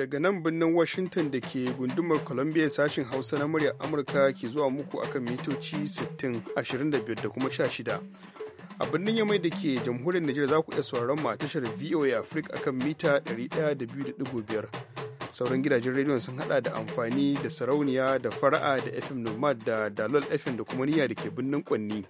daga nan birnin Washington da ke gundumar Columbia sashen Hausa na muryar Amurka ke zuwa muku akan mitoci 60, 25 da kuma 16. A birnin Yamai da ke jamhuriyar Nijar za ku iya sauraron mu a tashar VOA Africa akan mita 102.5. Sauran gidajen rediyon sun hada da amfani da sarauniya da fara'a da FM Nomad da Dalol FM da kuma niyya da ke birnin Kwanni.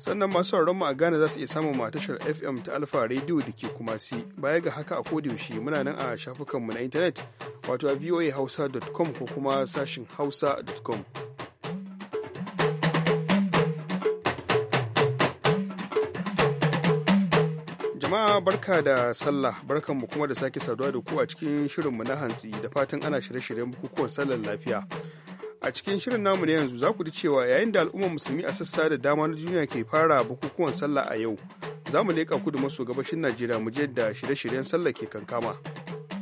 sannan masu mu a Ghana za su iya samun matashar FM ta Alfa Radio da ke kuma si baya ga haka a kodiyaushe muna nan a shafukanmu na intanet wato a voahausa.com ko kuma sashin hausa.com. jama'a barka da sallah barkanmu kuma da sake saduwa da ku a cikin shirinmu na hantsi da fatan ana shirye-shiryen bukukuwan sallar lafiya a cikin shirin namu na yanzu za ku ji cewa yayin da al'ummar musulmi a sassa da dama na duniya ke fara bukukuwan sallah a yau za mu leƙa kudu maso gabashin najeriya mu je da shirye-shiryen sallah ke kankama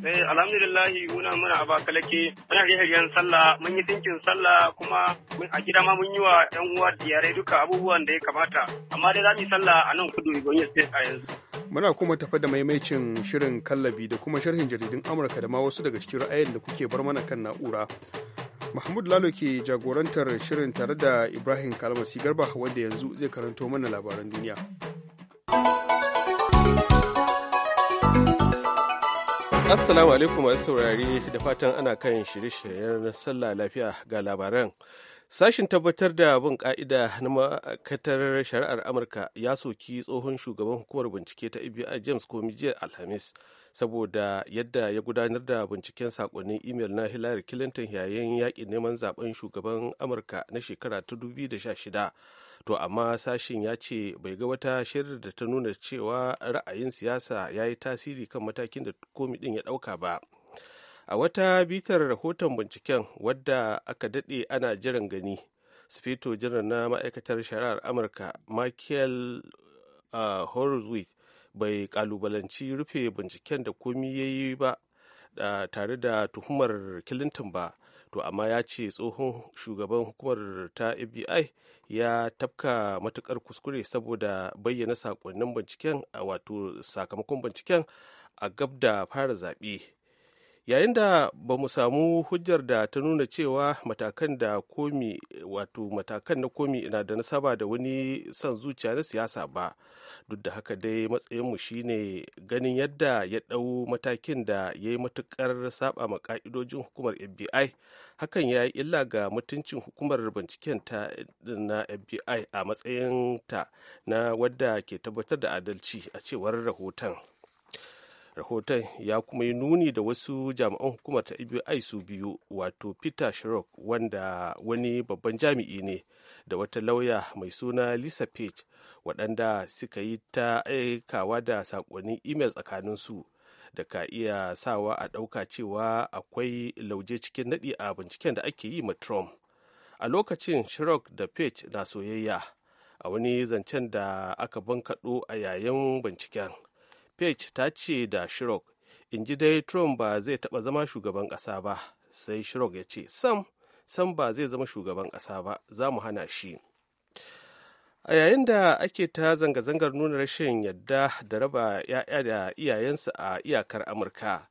eh alhamdulillahi muna muna a baka lake muna shirye-shiryen sallah mun yi dinkin sallah kuma a gida ma mun yi wa yan uwa diyarai duka abubuwan da ya kamata amma dai za mu yi sallah a nan kudu Borno State a yanzu muna kuma tafa da maimaicin shirin kallabi da kuma sharhin jaridun amurka da ma wasu daga cikin ra'ayin da kuke bar mana kan na'ura Mahmud Lalo ke jagorantar shirin tare da Ibrahim Kalmasi Garba wanda yanzu zai karanto mana labaran duniya. Assalamu alaikum masu saurari da fatan ana kan shirye-shiryen sallah lafiya ga labaran. Sashin tabbatar da bin ka'ida na ma'aikatar shari'ar Amurka ya soki tsohon shugaban hukumar bincike ta FBI James Comey jiya Alhamis saboda yadda ya gudanar da binciken sakonnin imel na hillary clinton yayin yakin neman zaben shugaban amurka na shekara ta 2016 to amma sashin ya ce bai ga wata shirin da ta nuna cewa ra'ayin siyasa ya yi tasiri kan matakin da komitin ya ɗauka ba a wata bitar rahoton binciken wadda aka daɗe ana jiran gani spito jiran na ma'aikatar shari'ar amurka michael uh, horowitz bai kalubalanci rufe binciken da komi ya yi ba tare da tuhumar kilinton ba to amma ya ce tsohon shugaban hukumar ta fbi ya tafka matukar kuskure saboda bayyana sakonnin binciken a wato sakamakon binciken a gab da fara zaɓe yayin da ba mu samu hujjar da ta nuna cewa matakan da komi wato matakan na komi na da nasaba da wani son zuciya na siyasa ba duk da haka dai matsayinmu shine ganin yadda ya ɗau matakin da ya yi matuƙar saba ma ka'idojin hukumar fbi hakan ya yi illa ga mutuncin hukumar binciken ta na fbi a matsayin ta na wadda ke tabbatar da adalci a cewar rahoton rahoton ya kuma yi nuni da wasu jami'an hukumar ta fbi su biyu wato peter shrock wanda wani babban jami'i ne da wata lauya mai suna lisa page waɗanda suka yi ta aikawa da saƙonnin imel su da ka iya sawa a ɗauka cewa akwai lauje cikin naɗi a binciken da ake yi ma trump a lokacin shrock da page na soyayya a wani zancen da aka bankaɗo a yayin binciken page ta ce da shirok in ji dai trump ba zai taɓa zama shugaban ƙasa ba sai shirok ya ce sam sam ba zai zama shugaban ƙasa ba za mu hana shi a yayin da ake ta zanga-zangar nuna rashin yadda da raba 'ya'ya da iyayensa a iyakar amurka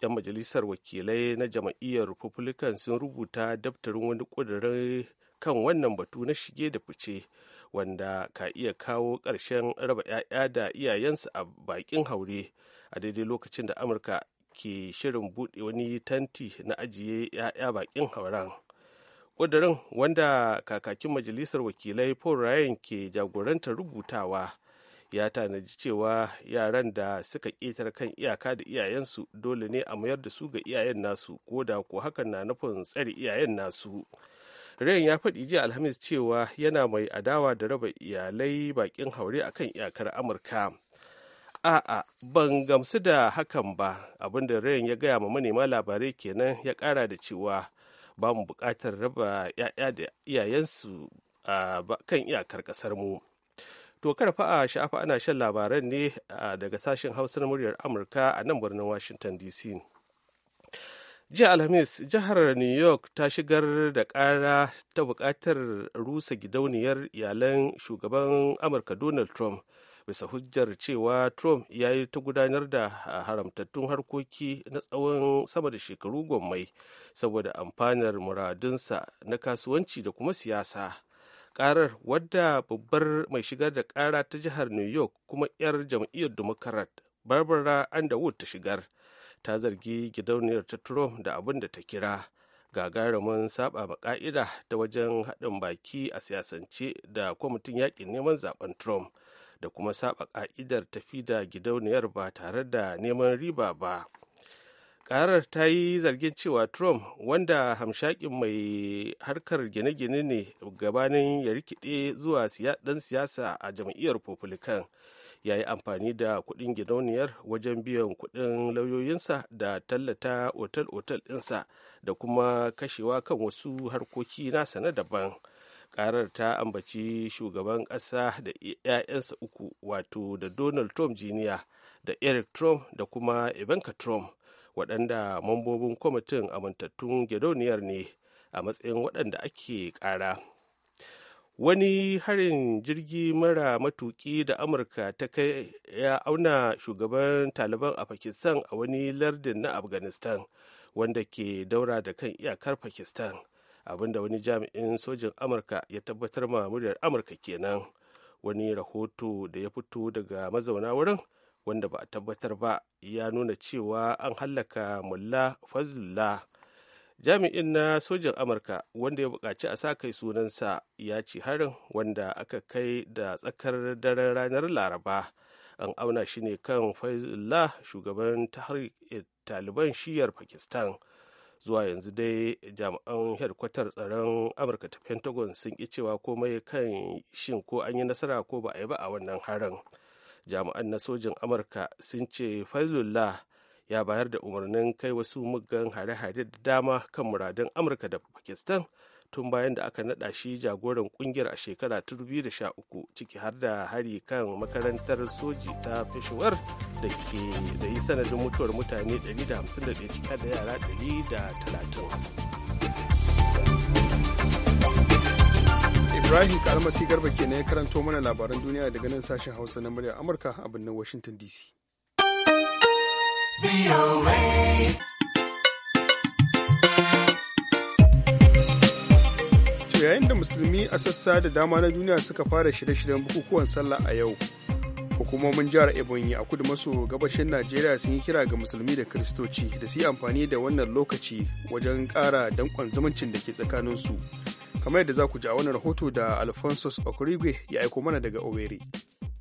'yan majalisar wakilai na jam'iyyar republican sun rubuta daftarin wani ƙudurin kan wannan batu na shige da fice wanda ka iya kawo ƙarshen raba 'ya'ya da iyayensu a bakin haure a daidai lokacin da amurka ke shirin buɗe wani tanti na ajiye 'ya'ya bakin hauren ƙudurin wanda kakakin majalisar wakilai paul ryan ke jagorantar rubutawa ya tanaji cewa yaran da suka ƙetar kan iyaka da iyayensu dole ne a mayar da su ga iyayen nasu ko da ko hakan na nufin tsare iyayen nasu Ren ya faɗi jiya Alhamis cewa yana mai adawa da raba iyalai bakin haure akan iyakar Amurka. A'a, ban gamsu da hakan ba, abinda Ren ya gaya ma manema labarai kenan ya ƙara da cewa ba mu buƙatar raba 'ya'ya da iyayensu kan iyakar ƙasar mu. To karfa a sha'afa ana shan labaran ne daga sashen hausar muryar Amurka a nan birnin Washington DC. jiya alhamis jihar new york ta shigar da ƙara ta buƙatar rusa gidauniyar iyalan shugaban amurka donald trump bisa hujjar cewa trump ya yi ta gudanar da haramtattun harkoki na tsawon sama da shekaru gwammai saboda amfanar muradunsa na kasuwanci da kuma siyasa karar wadda babbar mai shigar da kara ta jihar new york kuma 'yar jam'iyyar democrat barbara underwood ta shigar ta zargi gidauniyar ta trump da abin da ta kira gagarumin saba ma ka'ida ta wajen haɗin baki a siyasance da kwamitin yakin neman zaben trump da kuma saba ka'idar tafi da gidauniyar ba tare da neman riba ba ƙarar ta yi zargin cewa trump wanda hamshakin mai harkar gine-gine ne gabanin ya rikide zuwa dan siyasa a jam'iyyar republican ya yi amfani da kuɗin gidauniyar wajen biyan kuɗin lauyoyinsa da tallata otal-otal ɗinsa da kuma kashewa kan wasu harkoki nasa na daban karar ta ambaci shugaban ƙasa da 'ya'yansa uku wato da donald trump jr da eric trump da kuma ivanka trump waɗanda mambobin kwamitin amintattun gidauniyar ne a matsayin waɗanda ake ƙara wani harin jirgi mara matuki da amurka ta kai ya auna shugaban taliban a pakistan a wani lardin na afghanistan wanda ke daura da kan iyakar pakistan abinda wani jami'in sojin amurka ya tabbatar ma muryar amurka kenan wani rahoto da ya fito daga mazauna wurin wanda ba a tabbatar ba ya nuna cewa an hallaka mullah fazlullah jami'in na sojin amurka wanda ya buƙaci a sa kai sunansa ya ci harin wanda aka kai da tsakar daren ranar laraba an auna shi ne kan faizullah shugaban tahrir eh, taliban shiyar pakistan zuwa yanzu dai jami'an hedkwatar tsaron amurka ta pentagon sun ki cewa komai kan shin ko an yi nasara ko ba a yi ba a wannan harin jami'an na sojin amurka sun ce faizullah ya bayar da umarnin kai wasu muggan hare-hare da dama kan muradun amurka da pakistan tun bayan da aka naɗa shi jagoran kungiyar a shekara 2013 ciki har da hari kan makarantar soji ta peshawar da ke da yi sanadin mutuwar mutane 151 cika da yara 130 ibrahim kalmasi garba ke ya karanto mana labaran duniya daga nan sashen hausa na murya amurka a birnin washington dc yayin da musulmi a sassa da dama na duniya suka fara shirye-shiryen bukukuwan sallah a yau hukumomin jihar ebonyi a kudu maso gabashin najeriya sun yi kira ga musulmi da kiristoci da su yi amfani da wannan lokaci wajen ƙara danƙon zumuncin da ke tsakaninsu kamar yadda za ku ji a wani rahoto da alphonsus okurigwe ya aiko mana daga owerri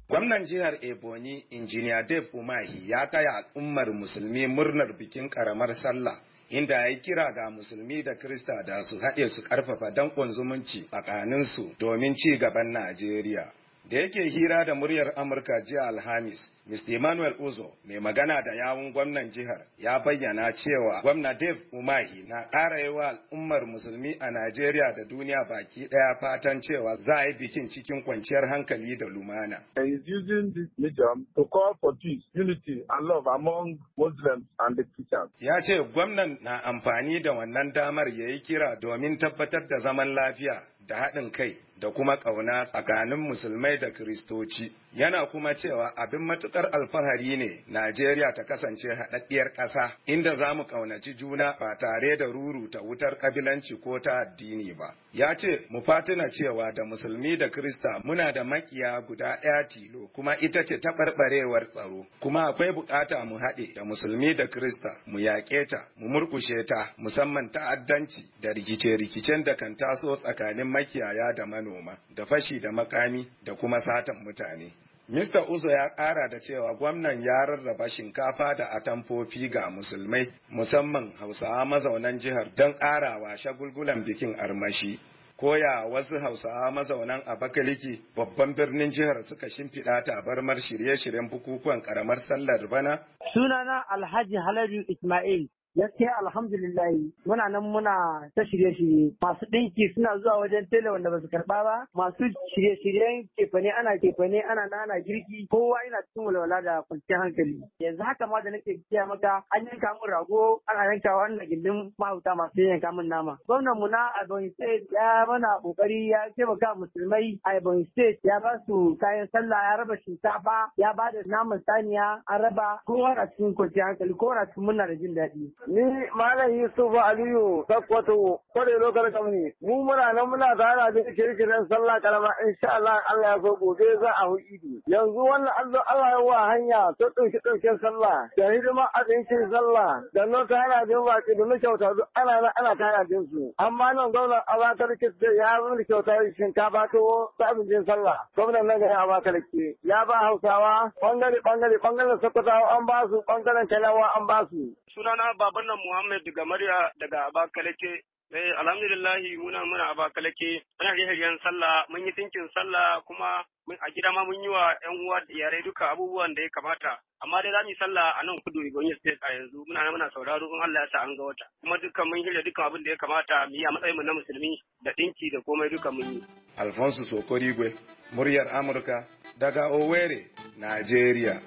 Gwamnan jihar Ebonyi, Injiniya Dave Umahi ya taya al'ummar musulmi murnar bikin karamar sallah inda ya yi kira ga musulmi da Krista da su haɗe su ƙarfafa danƙon zumunci tsakaninsu domin ci gaban Najeriya. Da yake hira da muryar Amurka jiya Alhamis, Mr. Emmanuel Uzo mai magana da yawun gwamnan jihar ya bayyana cewa gwamna Dave Umahi na ƙara yi wa al'ummar musulmi a Najeriya da duniya baki ɗaya fatan cewa za a yi bikin cikin kwanciyar hankali da lumana. He is using this medium to call for peace, unity and love among Muslims and the Christians. Ya ce gwamnan na amfani da wannan damar ya yi kira domin tabbatar da zaman lafiya da haɗin kai da kuma ƙauna tsakanin musulmai da kiristoci. Yana kuma cewa abin matuƙar matukar alfahari ne Najeriya ta kasance haɗaɗɗiyar ƙasa inda za mu ƙaunaci juna ba tare da ta wutar ƙabilanci ko ta addini ba. Ya ce, mu fatina cewa da musulmi da Krista muna da makiya guda ɗaya tilo kuma ita ce taɓarɓarewar tsaro, kuma akwai buƙata mu haɗe da musulmi da Krista mu yaƙe ta, mu murƙushe ta musamman ta'addanci da rikice-rikicen da kan taso tsakanin makiyaya da manoma, da fashi da makami da kuma satan mutane. Mista Uzo ya ƙara da cewa gwamnan ya rarraba shinkafa da atamfofi ga musulmai musamman hausawa mazaunan jihar don ƙarawa shagulgulan bikin armashi. Koya wasu hausawa mazaunan a bakaliki babban birnin jihar suka shimfiɗa tabarmar shirye-shiryen bukukuwan ƙaramar sallar bana? Sunana Alhaji Haladu Ismail gaskiya alhamdulillah muna nan muna ta shirye-shirye masu ɗinki suna zuwa wajen tele wanda basu karɓa ba masu shirye-shiryen kefane ana kefane ana nana girki kowa ina cikin walwala da kwanciyar hankali yanzu haka ma da nake gaskiya maka an yanka min rago ana yanka wannan gindin mahauta masu yanka mun nama gwamnan mu na Ebonyi State ya mana kokari ya taimaka musulmai a Ebonyi State ya ba su kayan sallah ya raba shinkafa ya ba da naman saniya an raba kowa na cikin kwanciyar hankali kowa na cikin muna da jin daɗi ni malam Yusuf Aliyu Sakwato, kware lokar kamni mu muna nan muna tsara da kirkiren sallah karama insha Allah Allah ya so gobe za a idi yanzu wannan Allah Allah ya wa hanya ta dauki dauken sallah da hidima a dinkin sallah da na tara din baki da na kyauta duk ana nan ana tsara din su amma nan gwamnan Abakalaki ya zo kyauta shinkafa to ta abincin sallah gwamnan nan ga Abakalaki ya ba Hausawa bangare bangare bangaren Sakwatawa an ba su bangaren Talawa an ba su sunana ba baban Muhammad Gamariya daga Abakalake. Eh alhamdulillahi muna muna Abakalake ana rihe sallah mun yi tinkin sallah kuma a gida ma mun yi wa yan uwa da yare duka abubuwan da ya kamata amma dai za mu yi sallah a nan kudu Igonyi State a yanzu muna muna sauraro in Allah ya sa an ga wata kuma dukkan mun hirya dukkan abin da ya kamata mu yi a matsayin mu na musulmi da dinki da komai duka mun yi Alfonso Sokorigwe muryar Amurka daga Owerri Nigeria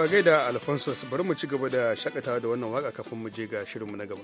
To a gaida alfonso bari mu ci gaba da shakatawa da wannan waka kafin mu je ga shirinmu na gaba.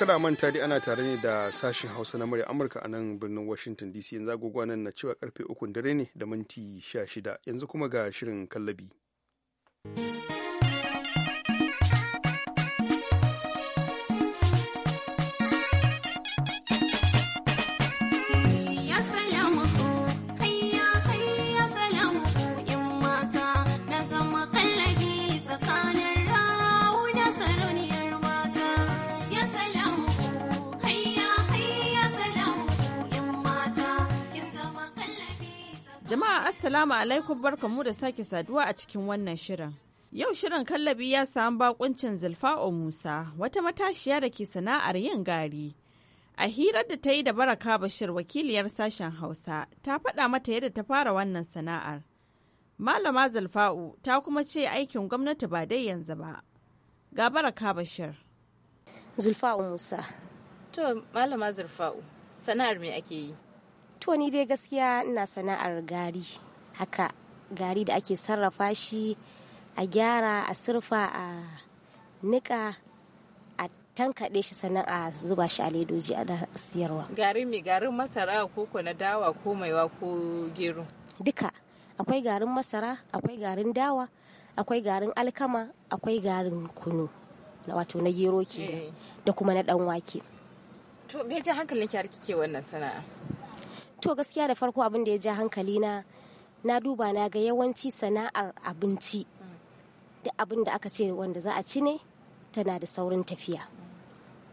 kada manta dai ana tare ne da sashen hausa na murya amurka a nan birnin washington dc yanzu agogwa nan na cewa karfe 3 dare ne da minti 16 yanzu kuma ga shirin kallabi. Jama'a Assalamu alaikum barkamu da sake saduwa a cikin wannan shirin. Yau shirin kallabi ya samu bakuncin Zulfa'o Musa wata matashiya da ke sana'ar yin gari. A hirar da ta yi da Baraka Bashir wakiliyar sashen Hausa ta faɗa mata yadda ta fara wannan sana'ar. Malama Zulfa'u ta kuma ce aikin gwamnati ba dai yanzu ba. Ga Baraka Bashir. Zulfa'u Musa. To, Malama Zulfa'u, sana'ar me ake yi? To ni dai gaskiya ina sana'ar gari haka gari da ake sarrafa shi a gyara a surfa a nika a tankaɗe shi sannan a zuba shi a ledoji a siyarwa. Garin mai garin masara ko na dawa ko maiwa ko gero. Duka akwai garin masara akwai garin dawa akwai garin alkama akwai garin kunu wato na gero ke eh. da kuma na ɗan wake. To me ji hankalin ki kike wannan sana'a? to gaskiya da farko abin da ya ja hankali na na duba na ga yawanci sana'ar abinci duk abin da aka ce wanda za a ci ne tana da saurin tafiya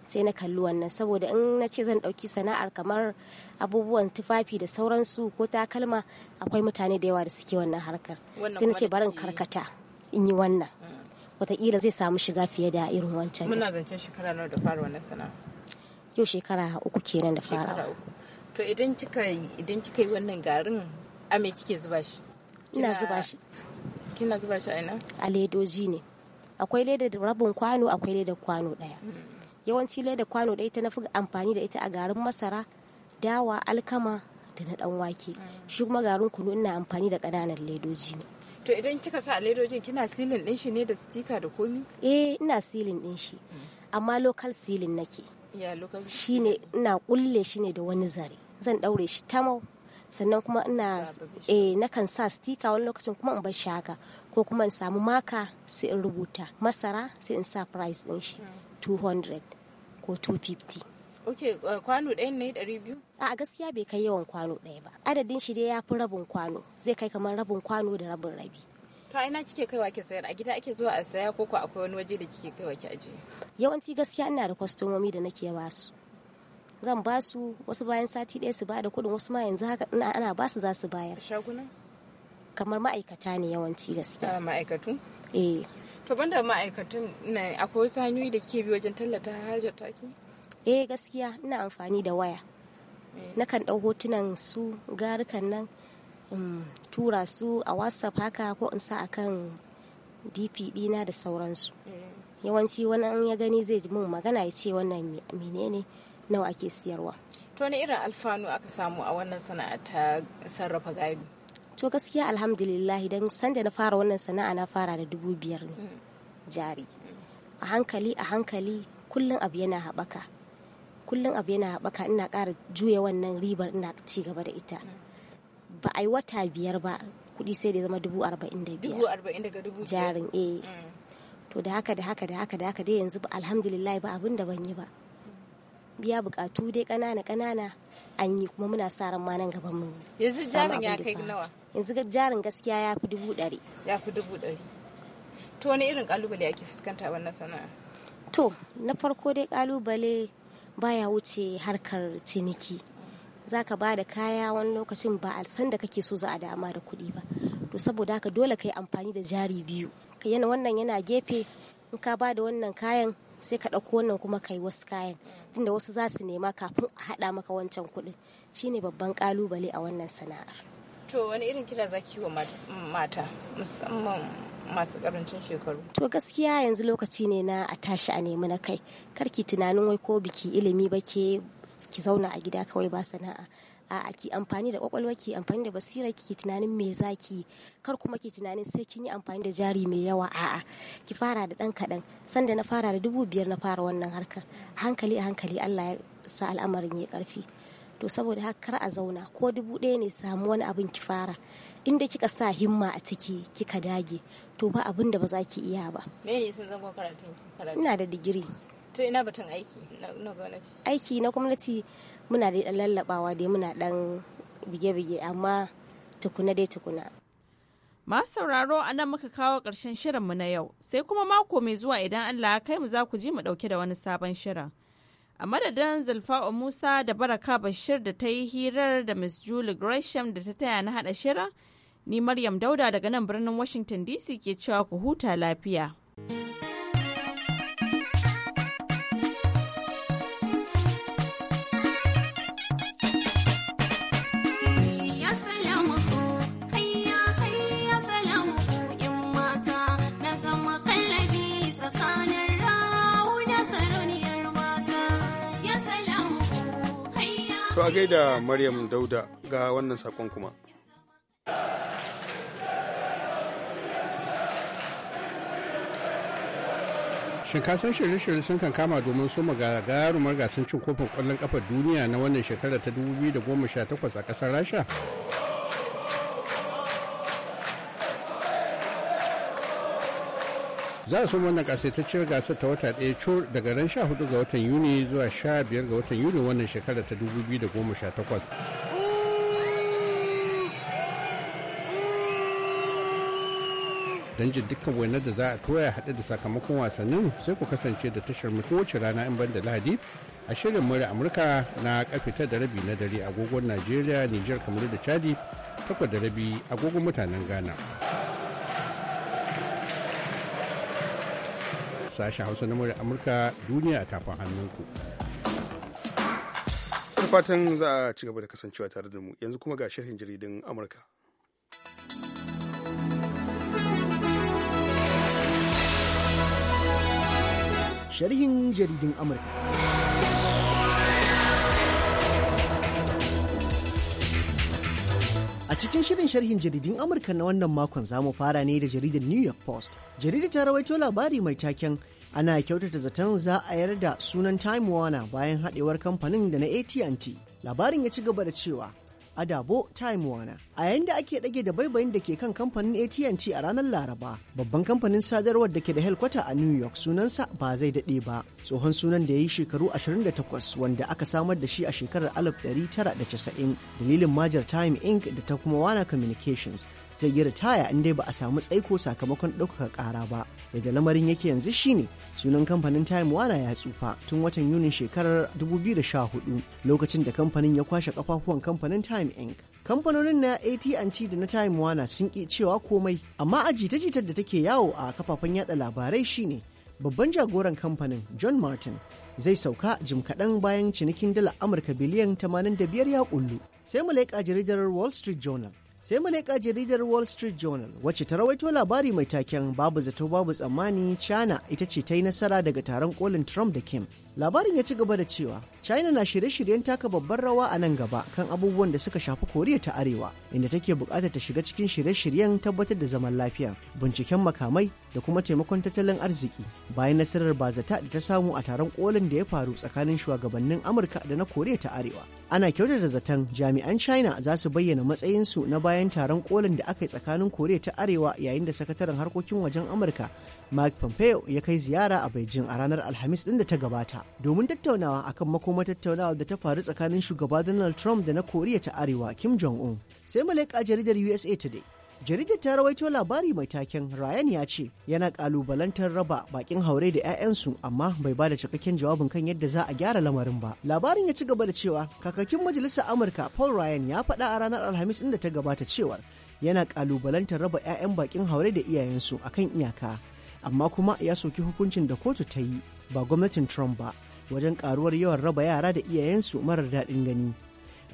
sai na kalli wannan saboda in na ce zan dauki sana'ar kamar abubuwan tufafi da sauransu ko takalma akwai mutane da yawa da suke wannan harkar sai na ce barin karkata in yi wannan wataƙila zai samu shiga fiye da irin wancan muna zancen wannan yau shekara uku kenan da fara To idan kika idan kika yi wannan garin a me kike zuba shi? Ina zuba shi. Kina zuba shi a ina? A ledoji ne. Akwai ledar rabin kwano, akwai ledar kwano daya. Yawanci ledar kwano daya ta nafi amfani da ita a garin masara, dawa, alkama da na dan wake. Shi kuma garin kunu ina amfani da ƙananan ledoji ne. To idan kika sa a ledojin kina silin din shi ne da stika da komi? Eh, ina silin din shi. Mm. Amma local silin nake. Ya local. Shine ina kulle shi ne da wani zare. zan ɗaure shi mau, sannan kuma ina eh kan sa stika wani lokacin kuma in bar shaka, ko kuma in samu maka sai in rubuta masara sai in sa price din shi 200 hmm. ko 250 ok eh, kwano ɗaya ne ɗari biyu a gaskiya bai kai yawan kwano ɗaya ba adadin shi dai ya fi rabin kwano zai kai kamar rabin kwano da rabin rabi to ina kike kai wa ke sayar a gida ake zuwa a saya ko ko akwai wani waje da kike kai wa ke yawanci gaskiya ina da kwastomomi da nake basu. zan ba su wasu bayan sati ɗaya su ba da kuɗin wasu ma yanzu haka ina ana ba su za su bayar kamar ma'aikata ne yawanci gaskiya ah, ma'aikatu eh to banda ma'aikatun na akwai wasu hanyoyi da ke bi wajen tallata hajar taki eh gaskiya ina amfani da waya eh. nakan ɗau hotunan su garukan nan tura su a whatsapp haka ko in sa akan dp dina da sauransu eh. yawanci wani ya gani zai ji min magana ya ce wannan menene nawa ake siyarwa to wani irin alfanu aka samu a wannan sana'a ta sarrafa gari to gaskiya alhamdulillah idan sanda na fara wannan sana'a na fara da dubu biyar ne mm. jari a hankali a hankali kullum abu yana haɓaka kullum abu yana haɓaka ina ƙara juya wannan ribar ina ci gaba da ita mm. ba a yi wata biyar ba kuɗi sai da zama dubu arba'in da biyar dubu arba'in daga dubu jarin eh mm. to da haka da haka da haka da haka dai yanzu alhamdulillah ba abin da ban yi ba biya bukatu dai kanana kanana an yi kuma muna sa ran ma nan gaban mu yanzu jarin ya kai nawa yanzu jarin gaskiya ya fi dubu ɗari ya fi dubu ɗari to wani irin kalubale ake fuskanta wannan sana'a to na farko dai kalubale baya wuce harkar ciniki za ka ba da kaya wani lokacin ba a san da kake so za a dama da kuɗi ba to saboda haka dole ka yi amfani da jari biyu yana wannan yana gefe in ka ba da wannan kayan sai ka ɗauko wannan kuma ka yi wasu kayan tunda wasu za su nema kafin a haɗa maka wancan kuɗin shine babban kalubale a wannan sana'ar. To wani irin kira za ki wa mata musamman masu karancin shekaru. To gaskiya yanzu lokaci ne na a tashi a nemi na kai. Karki tunanin wai ko biki ilimi ba ke ki zauna a gida kawai ba sana'a. a'a ki amfani da kwakwalwa ki amfani da basira ki tunanin me zaki kar kuma ki tunanin sai kin yi amfani da jari mai yawa a'a ki fara da dan kaɗan sanda na fara da dubu biyar na fara wannan harkar hankali a hankali Allah ya sa al'amarin ya karfi to saboda haka kar a zauna ko dubu ɗaya ne samu wani abin ki fara inda kika sa himma a ciki kika dage to ba abin da ba za ki iya ba me karatun ki ina da digiri to ina batun aiki na gwamnati aiki na gwamnati muna dai ɗan lallabawa dai muna dan bige-bige amma tukuna dai tukuna Masu sauraro a nan muka kawo ƙarshen mu na yau, sai kuma mako mai zuwa idan Allah ya kai mu za ku ji mu ɗauke da wani sabon shirin. A madadin Zulfa'u Musa da Baraka Bashir da ta yi hirar da Miss Julie Gresham da ta taya na haɗa shirin, ni Maryam Dauda daga nan birnin Washington DC ke cewa ku huta lafiya. a gaida Maryam Dauda ga wannan sakon kuma. shin ka shirye-shirye sun kan kama domin su gagarumar gasar cin kofin kwallon kafar duniya na wannan shekara ta 2018 a ƙasar rasha za su wannan kasaitacciyar gasar ta wata ɗaya cur daga ran 14 ga watan yuni zuwa 15 ga watan yuni wannan shekarar ta 2018 don jin dukkan wainar da za a toya haɗe da sakamakon wasannin sai ku kasance da tashar mutu kowace rana in ban da lahadi a shirin mura amurka na karfe da rabi na dare agogon najeriya nijar kamar da chadi takwas da rabi agogon mutanen ghana sashen hausa na murya amurka duniya a tafin hannunku fatan za a ci gaba da kasancewa tare da mu yanzu kuma ga sharhin jaridun amurka sharhin jaridun amurka A cikin shirin sharhin jaridun Amurka na wannan makon za mu fara ne da jaridar New York Post. Jaridar ta rawaito labari mai taken ana kyautata zaton za a yar da sunan Time Warner bayan haɗewar kamfanin da na AT&T. Labarin ya ci gaba da cewa Adabo Time Warner. A yayin da ake ɗage da baibayin da ke kan kamfanin AT&T a ranar Laraba, babban kamfanin sadarwar da ke da helkwata a New York sunansa ba zai daɗe ba. Tsohon sunan da ya yi shekaru 28 wanda aka samar da shi a shekarar 1990 dalilin major Time Inc. da ta kuma Warner Communications zai yi ritaya in dai ba a samu tsaiko sakamakon ɗaukaka ƙara ba daga lamarin yake yanzu shine sunan kamfanin time wana ya tsufa tun watan yunin shekarar 2014 lokacin da kamfanin ya kwashe kafafuwan kamfanin time inc kamfanonin na AT&T da na Time Warner sun ki cewa komai amma a jita-jitar da take yawo a kafafen yada labarai shine babban jagoran kamfanin John Martin zai sauka jim kaɗan bayan cinikin dala Amurka biliyan 85 ya kullu sai mu laiƙa jaridar Wall Street Journal sai mu leƙa jaridar wall street journal wacce ta rawaito labari mai taken babu zato babu tsammani china ita ce ta yi nasara daga taron kolin trump da kim labarin ya ci gaba da cewa china na shirye-shiryen taka babbar rawa a nan gaba kan abubuwan da suka shafi koriya ta arewa inda take bukatar ta shiga cikin shirye-shiryen tabbatar da zaman lafiya binciken makamai da kuma taimakon tattalin arziki bayan nasarar bazata da ta samu a taron kolin da ya faru tsakanin shugabannin amurka da na koriya ta arewa ana kyautata zaton jami'an china za su bayyana matsayinsu na bayan taron kolin da aka yi tsakanin koriya ta arewa yayin da sakataren harkokin wajen amurka mike pompeo ya kai ziyara a beijing a ranar alhamis din da ta gabata domin tattaunawa akan makoma tattaunawa da ta faru tsakanin shugaba donald trump da na koriya ta arewa kim jong un sai malaika jaridar usa today jaridar ta rawaito labari mai taken ryan ya ce yana kalubalantar raba bakin haure da 'ya'yansu amma bai ba da cikakken jawabin kan yadda za a gyara lamarin ba labarin ya ci gaba da cewa kakakin majalisar amurka paul ryan ya faɗa a ranar alhamis inda ta gabata cewar yana kalubalantar raba 'ya'yan bakin haure da iyayensu akan iyaka amma kuma ya soki hukuncin da kotu ta yi ba gwamnatin trump ba wajen karuwar yawan raba yara da iyayensu marar daɗin gani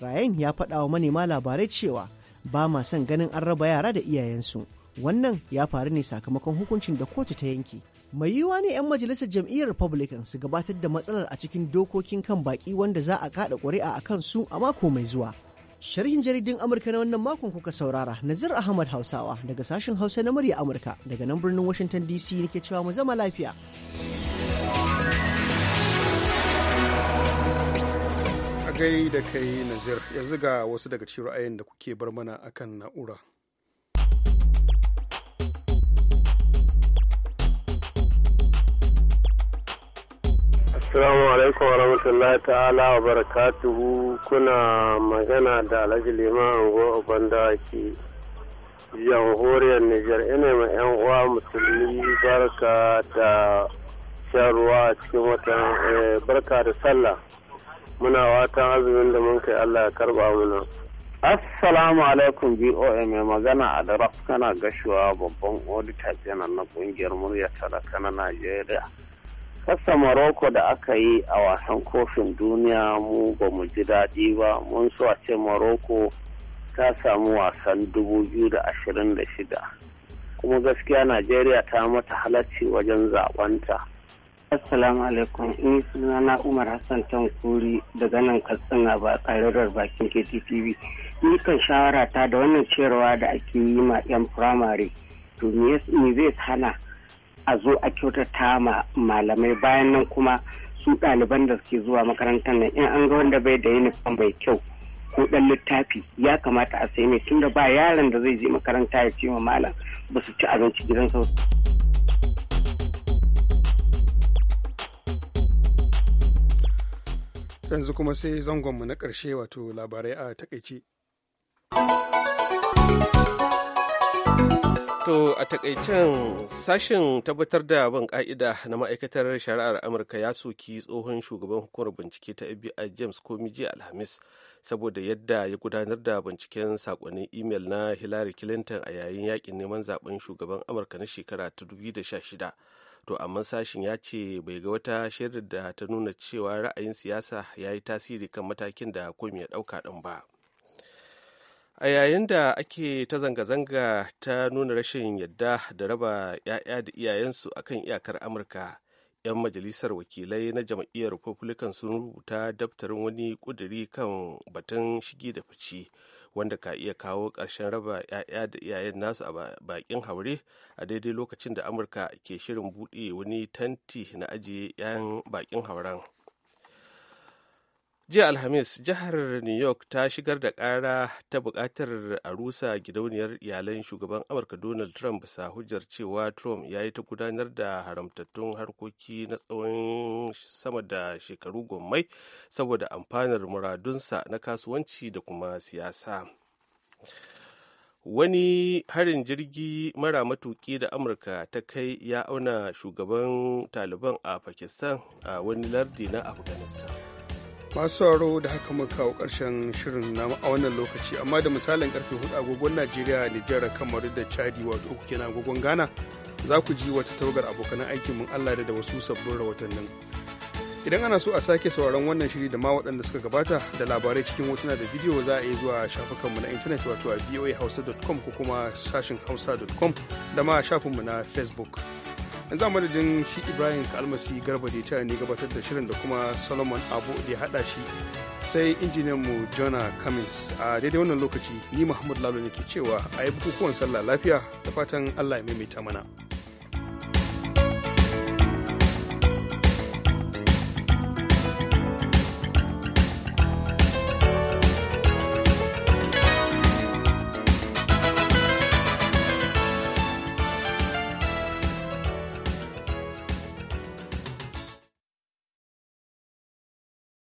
ryan ya faɗa wa manema labarai cewa ba ma son ganin an raba yara da iyayensu wannan ya faru ne sakamakon hukuncin da kotu ta yanke mai yiwuwa ne 'yan majalisar jam'iyyar republican su gabatar da matsalar a cikin dokokin kan baki wanda za a kada ƙuri'a a kan su a mako mai zuwa sharhin jaridin amurka na wannan makon kuka saurara nazir ahmad hausawa daga sashen hausa na murya amurka daga nan birnin washington dc nake cewa mu zama lafiya gai da kai nazir yanzu ga wasu daga cikin ra'ayin da kuke bar mana akan na'ura Assalamu alaikum wa rahmatullahi ta'ala wa barakatuhu kuna magana da Alhaji Liman Ango Obanda ke jamhuriyar Nijar ina ma 'yan uwa musulmi barka da shan ruwa cikin watan eh, barka da sallah muna watan azumin da mun kai Allah ya karba muna Assalamu alaikum BOM mai magana a da kana gashuwa babban odita janar na kungiyar murya talaka na Najeriya. Kasa Morocco da aka yi a wasan kofin duniya mu ba mu ji daɗi ba mun so a ce Morocco ta samu wasan shida. Kuma gaskiya Najeriya ta mata halarci wajen zaɓanta. Assalamu alaikum, in suna na Umar Hassan Tankuri daga nan Katsina ba ƙararar bakin KTTV. Ni kan shawara ta da wannan ciyarwa da ake yi ma 'yan firamare, to me zai hana a zo a kyautata ma malamai bayan nan kuma su ɗaliban da suke zuwa makarantar nan in an ga wanda bai da yinifom bai kyau ko ɗan littafi ya kamata a sai ne tunda ba yaron da zai je makaranta ya ce ma malam ba su ci abinci gidan gidansa. yanzu kuma sai zangonmu na ƙarshe wato labarai a takaice. To a takaicen sashen tabbatar da ban ka'ida na ma'aikatar shari'ar Amurka ya soki tsohon shugaban hukumar bincike ta FBI James Comey jiya Alhamis saboda yadda ya gudanar da binciken sakonnin imel na Hillary Clinton a yayin yakin neman zaben shugaban Amurka na shekara ta 2016. to amma sashin ya ce bai ga wata shaidar da ta nuna cewa ra'ayin siyasa ya yi tasiri kan matakin da kome ya ɗauka ɗin ba a yayin da ake ta zanga-zanga ta nuna rashin yadda da raba 'ya'ya da iyayensu a kan iyakar amurka 'yan majalisar wakilai na jam'iyyar republican sun rubuta daftarin wani kuduri kan batun shigi da fice. wanda ka iya kawo ƙarshen raba 'ya'ya da iyayen nasu a bakin haure a daidai lokacin da amurka ke shirin buɗe wani tanti na ajiye 'ya'yan bakin hauren jiya alhamis jihar new york ta shigar da kara ta bukatar a rusa gidauniyar iyalan shugaban amurka donald trump bisa hujjar cewa trump ya yi ta gudanar da haramtattun harkoki na tsawon sama da shekaru gommai saboda amfanar muradunsa na kasuwanci da kuma siyasa wani harin jirgi mara matuki da amurka ta kai ya auna shugaban taliban a pakistan a wani lardi na afghanistan masu sauraro da haka muka kawo ƙarshen shirin na a wannan lokaci amma da misalin karfe hudu agogon najeriya nijar kamar da chadi wato uku kenan agogon ghana za ku ji wata tawagar abokan aikin mun allah da wasu sabbin rahotannin idan ana so a sake sauraron wannan shiri da ma waɗanda suka gabata da labarai cikin hotuna da bidiyo za a yi zuwa shafukanmu na intanet wato a voahausa.com ko kuma sashin hausa.com da ma shafinmu na facebook yanzu madadin shi ibrahim kalmasi garba da ta ne gabatar da shirin da kuma solomon abu da ya hada shi sai injiniyan mu jona cummins a daidai wannan lokaci ni muhammadu lalo ne ke cewa a yi bukukuwan sallah lafiya da fatan allah ya maimaita mana.